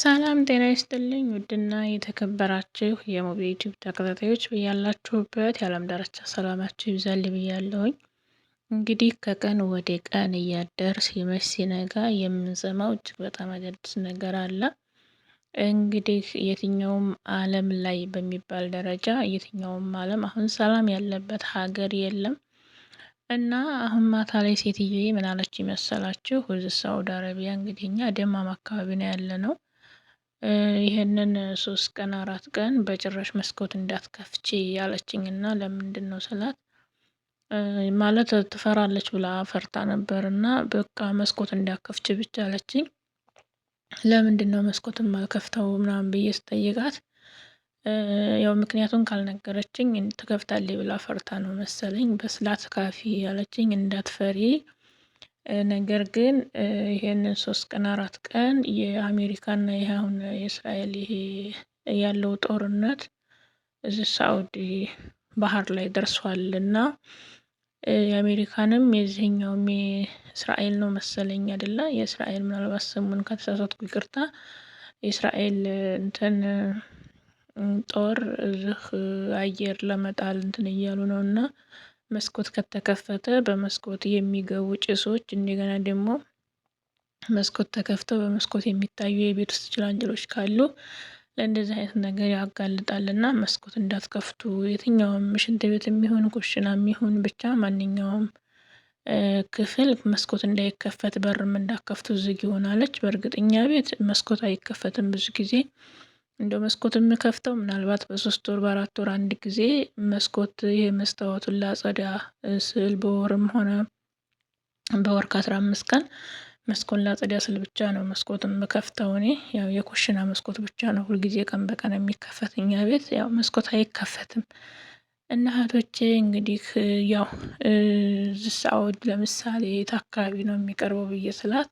ሰላም ጤና ይስጥልኝ ውድና የተከበራችሁ የሞቢ ዩቲዩብ ተከታታዮች ብያላችሁበት የዓለም ዳርቻ ሰላማችሁ ይብዛል ብያለሁኝ። እንግዲህ ከቀን ወደ ቀን እያደርስ ሲመሽ ሲነጋ የምንሰማው እጅግ በጣም አዳዲስ ነገር አለ። እንግዲህ የትኛውም ዓለም ላይ በሚባል ደረጃ የትኛውም ዓለም አሁን ሰላም ያለበት ሀገር የለም። እና አሁን ማታ ላይ ሴትዬ ምን አለች ይመሰላችሁ? ወደ ሳውዲ አረቢያ እንግዲህ እኛ ደማም አካባቢ ነው ያለ ነው ይህንን ሶስት ቀን አራት ቀን በጭራሽ መስኮት እንዳትከፍቺ ያለችኝ እና ለምንድን ነው ስላት ማለት ትፈራለች ብላ ፈርታ ነበር እና በቃ መስኮት እንዳከፍች ብቻ አለችኝ። ለምንድን ነው መስኮት ማልከፍተው ምናምን ብዬ ስጠይቃት ያው ምክንያቱን ካልነገረችኝ ትከፍታለች ብላ ፈርታ ነው መሰለኝ በስላት ካፊ ያለችኝ እንዳትፈሪ ነገር ግን ይሄንን ሶስት ቀን አራት ቀን የአሜሪካና ይህ አሁን የእስራኤል ይሄ ያለው ጦርነት እዚህ ሳኡዲ ባህር ላይ ደርሷል እና የአሜሪካንም የዚህኛውም የእስራኤል ነው መሰለኝ አይደለ? የእስራኤል ምናልባት ስሙን ከተሳሳትኩ ይቅርታ። የእስራኤል እንትን ጦር እዚህ አየር ለመጣል እንትን እያሉ ነው እና መስኮት ከተከፈተ በመስኮት የሚገቡ ጭሶች እንደገና ደግሞ መስኮት ተከፍተው በመስኮት የሚታዩ የቤት ውስጥ ጭላንጭሎች ካሉ ለእንደዚህ አይነት ነገር ያጋልጣል እና መስኮት እንዳትከፍቱ። የትኛውም ሽንት ቤት የሚሆን ኩሽና የሚሆን ብቻ ማንኛውም ክፍል መስኮት እንዳይከፈት በርም እንዳከፍቱ ዝግ ይሆናለች። በእርግጠኛ ቤት መስኮት አይከፈትም ብዙ ጊዜ እንደ መስኮት የምከፍተው ምናልባት በሶስት ወር በአራት ወር አንድ ጊዜ መስኮት ይሄ መስታወቱን ላጸዳ ስል በወርም ሆነ በወር ከአስራ አምስት ቀን መስኮን ላጸዳ ስል ብቻ ነው መስኮት የምከፍተው። እኔ ያው የኩሽና መስኮት ብቻ ነው ሁልጊዜ ቀን በቀን የሚከፈት እኛ ቤት ያው መስኮት አይከፈትም። እና እህቶቼ እንግዲህ ያው ዝሳዎች ለምሳሌ የት አካባቢ ነው የሚቀርበው ብዬ ስላት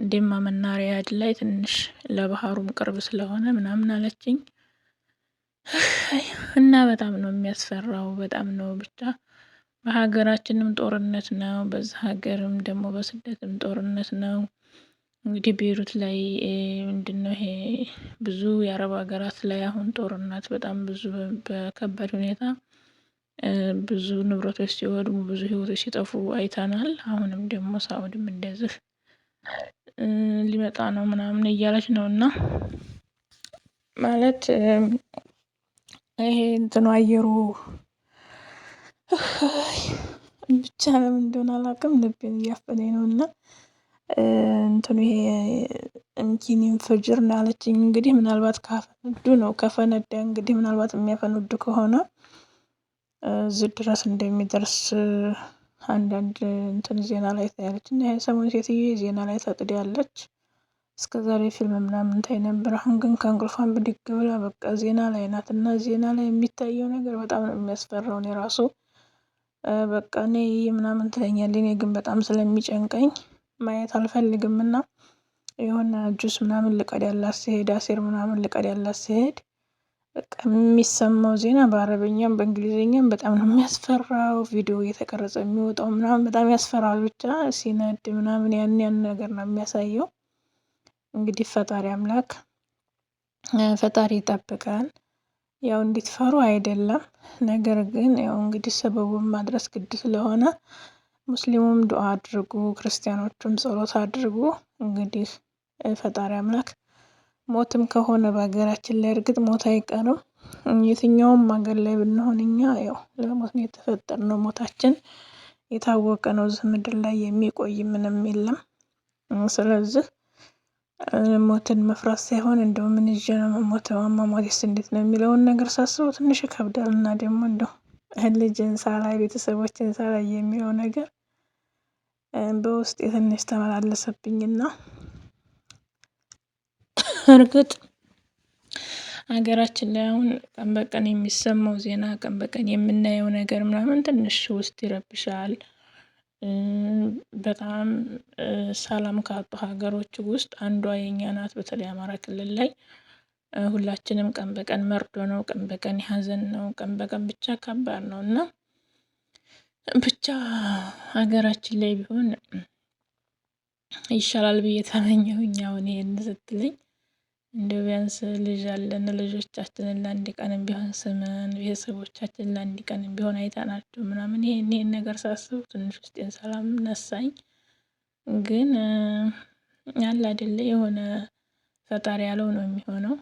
እንዲማ መናሪያ ላይ ትንሽ ለባህሩም ቅርብ ስለሆነ ምናምን አለችኝ። እና በጣም ነው የሚያስፈራው። በጣም ነው ብቻ በሀገራችንም ጦርነት ነው፣ በዛ ሀገርም ደግሞ በስደትም ጦርነት ነው። እንግዲህ ቤሩት ላይ ምንድነው ይሄ ብዙ የአረብ ሀገራት ላይ አሁን ጦርነት በጣም ብዙ በከባድ ሁኔታ ብዙ ንብረቶች ሲወድሙ ብዙ ህይወቶች ሲጠፉ አይተናል። አሁንም ደግሞ ሳውድም እንደዚህ ሊመጣ ነው ምናምን እያለች ነው እና ማለት ይሄ እንትኑ አየሩ ብቻ ለምን እንደሆነ አላውቅም፣ ልቤን እያፈነኝ ነው እና እንትኑ ይሄ እምኪኒን ፍጅር ናለችኝ። እንግዲህ ምናልባት ካፈነዱ ነው ከፈነዳ እንግዲህ ምናልባት የሚያፈነዱ ከሆነ እዚህ ድረስ እንደሚደርስ አንዳንድ እንትን ዜና ላይ ታያለች እና የሰሞኑ ሴትዮ ዜና ላይ ታጥዳለች። እስከ ዛሬ ፊልም ምናምን ታይ ነበር። አሁን ግን ከእንቅልፏን ብድግ ብላ በቃ ዜና ላይ ናት እና ዜና ላይ የሚታየው ነገር በጣም ነው እኔ ራሱ በቃ እኔ ምናምን ትለኛለች። እኔ ግን በጣም ስለሚጨንቀኝ ማየት አልፈልግም እና የሆነ ጁስ ምናምን ያላት ስሄድ አሴር ምናምን ያላት ስሄድ በቃ የሚሰማው ዜና በአረበኛም በእንግሊዝኛም በጣም ነው የሚያስፈራው። ቪዲዮ እየተቀረጸ የሚወጣው ምናምን በጣም ያስፈራል። ብቻ ሲነድ ምናምን ያን ያን ነገር ነው የሚያሳየው። እንግዲህ ፈጣሪ አምላክ ፈጣሪ ይጠብቀን። ያው ፈሩ አይደለም፣ ነገር ግን ያው እንግዲህ ሰበቡን ማድረስ ግድ ስለሆነ ሙስሊሙም ዱዓ አድርጉ፣ ክርስቲያኖቹም ጸሎት አድርጉ። እንግዲህ ፈጣሪ አምላክ ሞትም ከሆነ በሀገራችን ላይ እርግጥ ሞት አይቀርም። የትኛውም ሀገር ላይ ብንሆን እኛ ያው ለሞት ነው የተፈጠርነው። ሞታችን የታወቀ ነው። እዚህ ምድር ላይ የሚቆይ ምንም የለም። ስለዚህ ሞትን መፍራት ሳይሆን እንደው ምን ይዤ ነው የምሞተው አሟሟቴስ እንዴት ነው የሚለውን ነገር ሳስበው ትንሽ ይከብዳል እና ደግሞ እንደው ልጅን ሳላይ ቤተሰቦችን ሳላይ የሚለው ነገር በውስጥ የትንሽ ተመላለሰብኝና እርግጥ ሀገራችን ላይ አሁን ቀን በቀን የሚሰማው ዜና ቀን በቀን የምናየው ነገር ምናምን ትንሽ ውስጥ ይረብሻል። በጣም ሰላም ካጡ ሀገሮች ውስጥ አንዷ የኛ ናት። በተለይ አማራ ክልል ላይ ሁላችንም ቀን በቀን መርዶ ነው፣ ቀን በቀን ሀዘን ነው፣ ቀን በቀን ብቻ ከባድ ነው እና ብቻ ሀገራችን ላይ ቢሆን ይሻላል ብዬ ተመኘሁኝ። አሁን ይሄን ስትለኝ እንደው ቢያንስ ልጅ አለን ልጆቻችንን ለአንድ ቀንም ቢሆን ስምን ቤተሰቦቻችን ለአንድ ቀንም ቢሆን አይተናቸው ምናምን ይሄን ይሄን ነገር ሳስብ ትንሽ ውስጤን ሰላም ነሳኝ። ግን ያለ አይደለ የሆነ ፈጣሪ ያለው ነው የሚሆነው።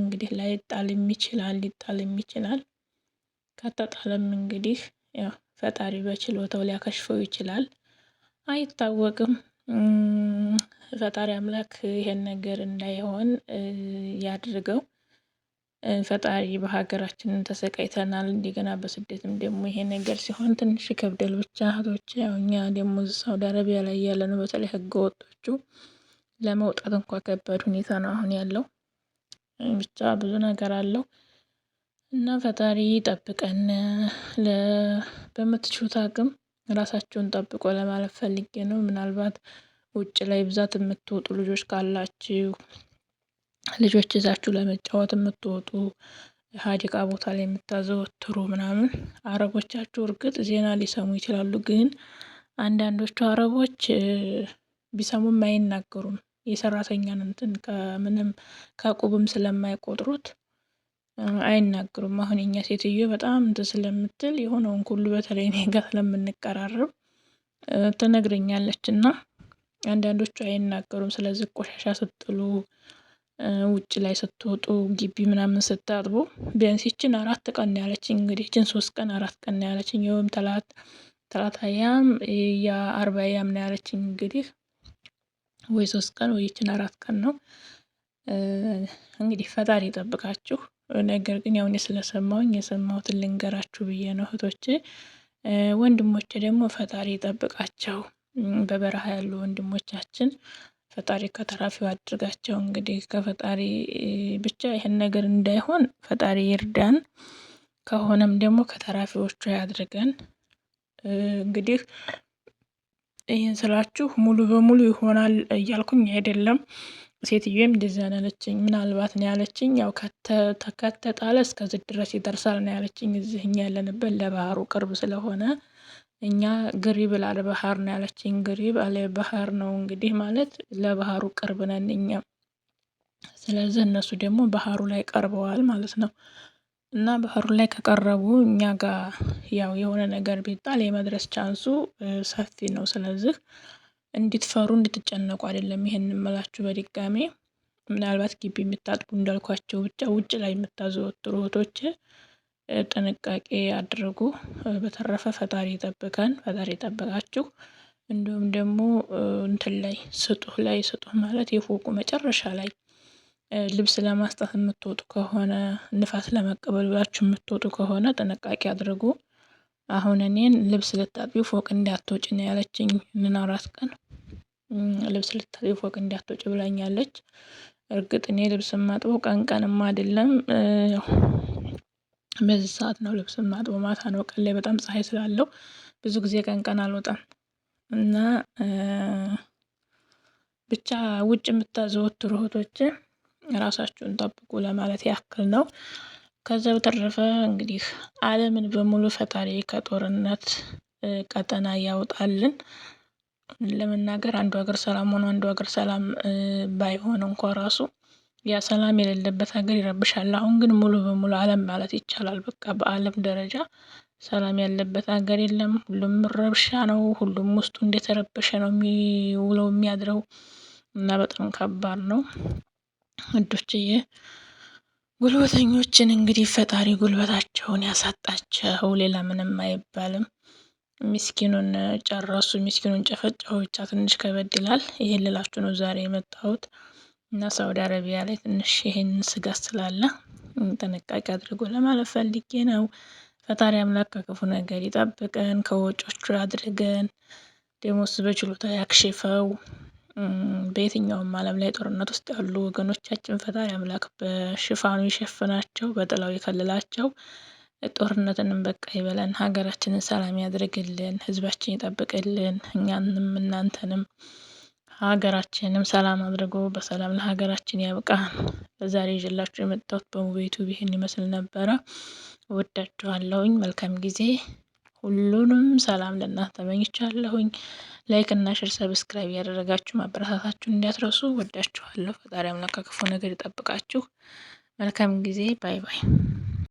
እንግዲህ ላይጣልም ይችላል ሊጣልም ይችላል። ከተጣለም እንግዲህ ያው ፈጣሪ በችሎታው ሊያከሽፈው ይችላል። አይታወቅም። ፈጣሪ አምላክ ይሄን ነገር እንዳይሆን ያድርገው። ፈጣሪ በሀገራችን ተሰቃይተናል። እንደገና በስደትም ደግሞ ይሄ ነገር ሲሆን ትንሽ ከብደል ብቻ እህቶች፣ ያው እኛ ደግሞ ሳውዲ አረቢያ ላይ ያለ ነው። በተለይ ህገ ወጦቹ ለመውጣት እንኳ ከባድ ሁኔታ ነው አሁን ያለው። ብቻ ብዙ ነገር አለው እና ፈጣሪ ጠብቀን። በምትችሉት አቅም ራሳችሁን ጠብቆ ለማለፍ ፈልጌ ነው ምናልባት ውጭ ላይ ብዛት የምትወጡ ልጆች ካላችሁ ልጆች ይዛችሁ ለመጫወት የምትወጡ ሀዲቃ ቦታ ላይ የምታዘወትሩ ምናምን አረቦቻችሁ እርግጥ ዜና ሊሰሙ ይችላሉ። ግን አንዳንዶቹ አረቦች ቢሰሙም አይናገሩም። የሰራተኛን እንትን ከምንም ከቁብም ስለማይቆጥሩት አይናገሩም። አሁን የኛ ሴትዮ በጣም እንትን ስለምትል የሆነውን ሁሉ በተለይ እኔ ጋር ስለምንቀራረብ ትነግረኛለች እና አንዳንዶቹ አይናገሩም። ስለዚህ ቆሻሻ ስጥሉ ውጭ ላይ ስትወጡ፣ ግቢ ምናምን ስታጥቡ ቢያንስ ይችን አራት ቀን ያለችኝ እንግዲህ ይችን ሶስት ቀን አራት ቀን ያለችኝ ወይም ተላት ተላታያም አያም ነው ያለችኝ እንግዲህ ወይ ሶስት ቀን ወይ ይችን አራት ቀን ነው እንግዲህ ፈጣሪ ይጠብቃችሁ። ነገር ግን ያው እኔ ስለሰማሁኝ የሰማሁትን ልንገራችሁ ብዬ ነው። እህቶቼ ወንድሞቼ ደግሞ ፈጣሪ ይጠብቃቸው። በበረሃ ያሉ ወንድሞቻችን ፈጣሪ ከተራፊው አድርጋቸው። እንግዲህ ከፈጣሪ ብቻ ይህን ነገር እንዳይሆን ፈጣሪ ይርዳን። ከሆነም ደግሞ ከተራፊዎቹ ያድርገን። እንግዲህ ይህን ስላችሁ ሙሉ በሙሉ ይሆናል እያልኩኝ አይደለም። ሴትዮዬም እንደዚያ ነው ያለችኝ። ምናልባት ነው ያለችኝ። ያው ከተጣለ እስከዚህ ድረስ ይደርሳል ነው ያለችኝ። እዚህ እኛ ያለንበት ለባህሩ ቅርብ ስለሆነ እኛ ግሪብ አለ ባህር ነው ያለችኝ። ግሪብ አለ ባህር ነው እንግዲህ ማለት ለባህሩ ቅርብ ነን እኛ። ስለዚህ እነሱ ደግሞ ባህሩ ላይ ቀርበዋል ማለት ነው። እና ባህሩ ላይ ከቀረቡ እኛ ጋር ያው የሆነ ነገር ቢጣል የመድረስ ቻንሱ ሰፊ ነው። ስለዚህ እንድትፈሩ እንድትጨነቁ አይደለም ይሄን እንመላችሁ በድጋሜ ምናልባት ግቢ የምታጥቡ እንዳልኳቸው ብቻ ውጭ ላይ የምታዘወትሩ እህቶች ጥንቃቄ አድርጉ። በተረፈ ፈጣሪ ይጠብቀን፣ ፈጣሪ ይጠብቃችሁ። እንዲሁም ደግሞ እንትን ላይ ስጡህ ላይ ስጡህ ማለት የፎቁ መጨረሻ ላይ ልብስ ለማስጣት የምትወጡ ከሆነ ንፋስ ለመቀበል ብላችሁ የምትወጡ ከሆነ ጥንቃቄ አድርጉ። አሁን እኔን ልብስ ልታጥቢ ፎቅ እንዳትወጭ ነው ያለችኝ። ምን አራት ቀን ልብስ ልታጥቢ ፎቅ እንዳትወጭ ብላኛለች። እርግጥ እኔ ልብስ ማጥበው ቀን ቀንም አይደለም በዚህ ሰዓት ነው ልብስ ማጥበው። ማታ ነው፣ ቀን ላይ በጣም ፀሐይ ስላለው ብዙ ጊዜ ቀን ቀን አልወጣም እና ብቻ ውጭ የምታዘወትሩ እህቶች ራሳችሁን ጠብቁ ለማለት ያክል ነው። ከዛ በተረፈ እንግዲህ ዓለምን በሙሉ ፈጣሪ ከጦርነት ቀጠና ያውጣልን። ለመናገር አንዱ ሀገር ሰላም ሆኖ አንዱ ሀገር ሰላም ባይሆን እንኳ ራሱ ያ ሰላም የሌለበት ሀገር ይረብሻል። አሁን ግን ሙሉ በሙሉ አለም ማለት ይቻላል በቃ በአለም ደረጃ ሰላም ያለበት ሀገር የለም። ሁሉም ረብሻ ነው ሁሉም ውስጡ እንደተረበሸ ነው የሚውለው የሚያድረው እና በጣም ከባድ ነው። እዶችዬ ጉልበተኞችን እንግዲህ ፈጣሪ ጉልበታቸውን ያሳጣቸው ሌላ ምንም አይባልም። ሚስኪኑን ጨረሱ ሚስኪኑን ጨፈጨው ብቻ ትንሽ ከበድ ይላል። ይሄን ልላችሁ ነው ዛሬ የመጣሁት። እና ሳውዲ አረቢያ ላይ ትንሽ ይሄን ስጋት ስላለ ጥንቃቄ አድርጎ ለማለት ፈልጌ ነው። ፈጣሪ አምላክ ከክፉ ነገር ይጠብቀን፣ ከወጮቹ አድርገን ደሞስ በችሎታ ያክሽፈው። በየትኛውም ዓለም ላይ ጦርነት ውስጥ ያሉ ወገኖቻችን ፈጣሪ አምላክ በሽፋኑ ይሸፍናቸው፣ በጥላው ይከልላቸው። ጦርነትንም በቃ ይበለን፣ ሀገራችንን ሰላም ያድርግልን፣ ህዝባችን ይጠብቅልን፣ እኛንም እናንተንም ሀገራችንም ሰላም አድርጎ በሰላም ለሀገራችን ያብቃ። ለዛሬ ይዤላችሁ የመጣሁት በሙቤ ይህን ይመስል ነበረ። ወዳችኋለሁኝ። መልካም ጊዜ። ሁሉንም ሰላም ለእናንተ ተመኝቻለሁኝ። ላይክ እና ሼር፣ ሰብስክራይብ ያደረጋችሁ ማበረታታችሁን እንዲያትረሱ ወዳችኋለሁ። ፈጣሪ አምላክ ከክፉ ነገር ይጠብቃችሁ። መልካም ጊዜ። ባይ ባይ።